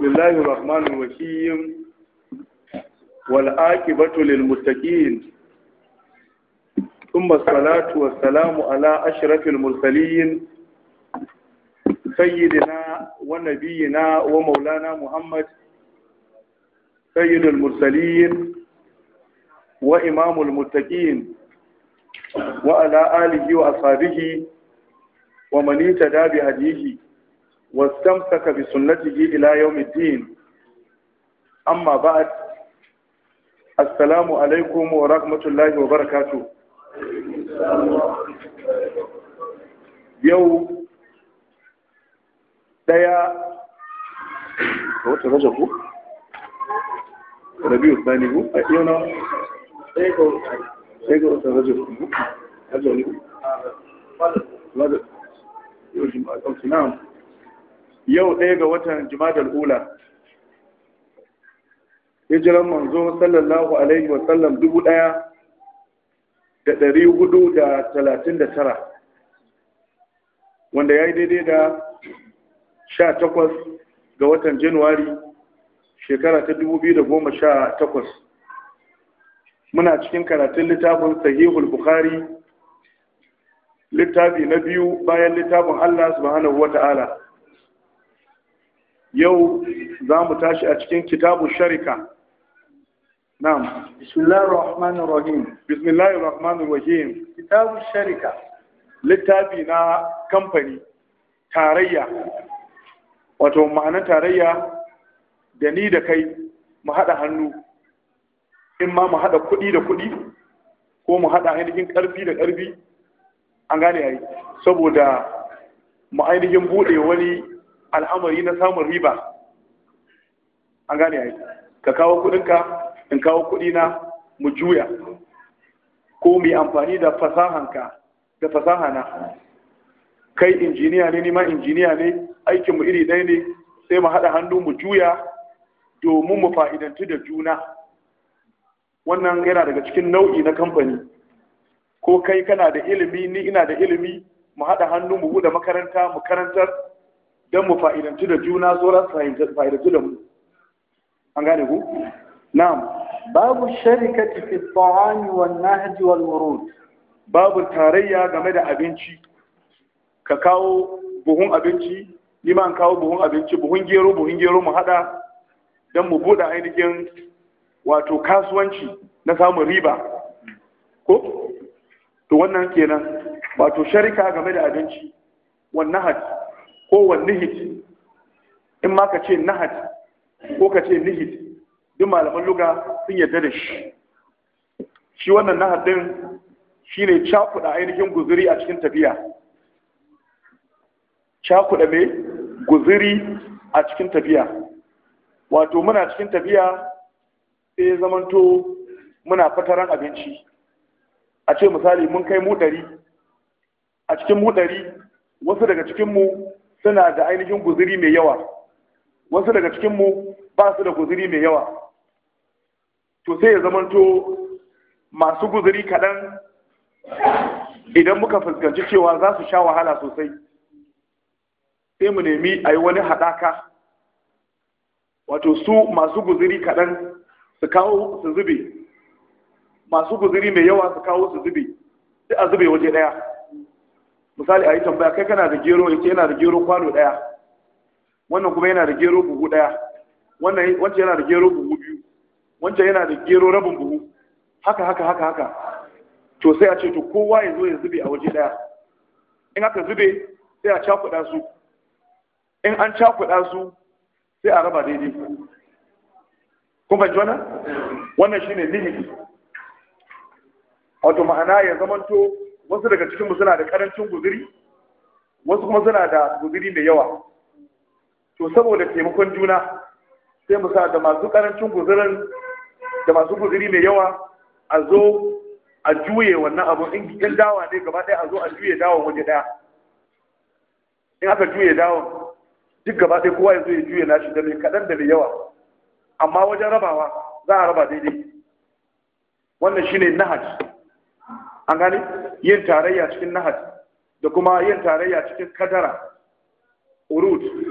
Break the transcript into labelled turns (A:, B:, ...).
A: بسم الله الرحمن الرحيم والعاقبة للمتقين ثم الصلاة والسلام على أشرف المرسلين سيدنا ونبينا ومولانا محمد سيد المرسلين وإمام المتقين وعلى آله وأصحابه ومن اهتدى بهديه واستمسك بسنته إلى يوم الدين أما بعد السلام عليكم ورحمة الله وبركاته يوم ديا wata raja ku? rabiu tsani ku? a iya na? ga wata raja ku? ku? yau yau ɗaya ga watan jimadar ula hijiran manzo sallallahu alaihi wasallam dubu ɗaya da ɗari hudu da talatin da tara wanda ya yi daidai da sha takwas ga watan januwari shekara ta dubu biyu da goma sha takwas muna cikin karatun littafin sahihul bukari littafi na biyu bayan littafin allah subhanahu wa ta'ala yau za mu tashi a cikin kitabu sharika na'am bismillahirrahmanirrahim bismillahirrahmanirrahim rahmanir rahim kitabu sharika littafi na kamfani tarayya wato ma'anar tarayya da ni da kai mu haɗa hannu in ma mu haɗa kuɗi da kuɗi ko mu haɗa ainihin ƙarfi da ƙarfi an gane yayi saboda mu ainihin buɗe wani al'amari na samun riba an gane ai ka kawo kudinka in kawo kudina mu juya ko mai amfani da fasahanka da fasahana kai injiniya ne nima injiniya ne Aikinmu iri ɗaya ne sai mu haɗa hannu mu juya domin mu fa'idantu da juna wannan yana daga cikin nau'i na kamfani ko kai kana da ilimi ni ina da ilimi mu haɗa hannu mu buɗe makaranta mu karantar don mu fa'idantu da juna tsoron fa’idanci da mu an gane ku na'am babu sharikati fi ta'ami wan nahji babu tarayya game da abinci ka kawo buhun abinci liman kawo buhun abinci buhun gero buhun gero mu haɗa. don mu buɗe ainihin wato kasuwanci na samun riba ko to wannan kenan wato sharika game da abinci wannan hajji. ko wan nihit in ma ka ce nahat ko ka ce nihit duk malaman luga sun yarda da shi shi wannan nahat din ne cakuda ainihin guzuri a cikin tafiya Cakuda mai guzuri a cikin tafiya wato muna cikin tafiya sai zamanto muna fataran abinci a ce misali mun kai mu ɗari a cikin mu ɗari wasu daga cikinmu suna da ainihin guziri mai yawa wasu daga cikinmu ba su da guziri mai yawa to sai ya zamanto masu guziri kaɗan idan muka fuskanci cewa za su sha wahala sosai sai mu nemi a yi wani haɗaka wato su masu guziri kaɗan su kawo su zube masu guziri mai yawa su kawo su zube sai a zube waje ɗaya misali a yi tambaya kai kana da gero yake yana da gero kwano ɗaya wannan kuma yana da gero buhu ɗaya wannan wancan yana da gero buhu biyu wancan yana da gero rabin buhu haka haka haka haka to sai a ce to kowa ya zo ya zube a waje ɗaya in aka zube sai a cakuɗa su in an cakuɗa su sai a raba daidai kun fahimci wannan wannan shine limit wato ma'ana ya zamanto wasu daga cikinmu suna da karancin guziri wasu kuma suna da guziri mai yawa to saboda taimakon juna sai mu sa da masu karancin guzirin da masu guziri mai yawa a zo a juye wannan abu in in dawa ne gaba ɗaya a zo a juye dawa waje ɗaya in aka juye dawa duk gaba ɗaya kowa ya zo ya juye nashi da mai kaɗan da mai yawa amma wajen rabawa za a raba daidai wannan shine nahaj an gani yin tarayya cikin nahad da kuma yin tarayya cikin kadara urut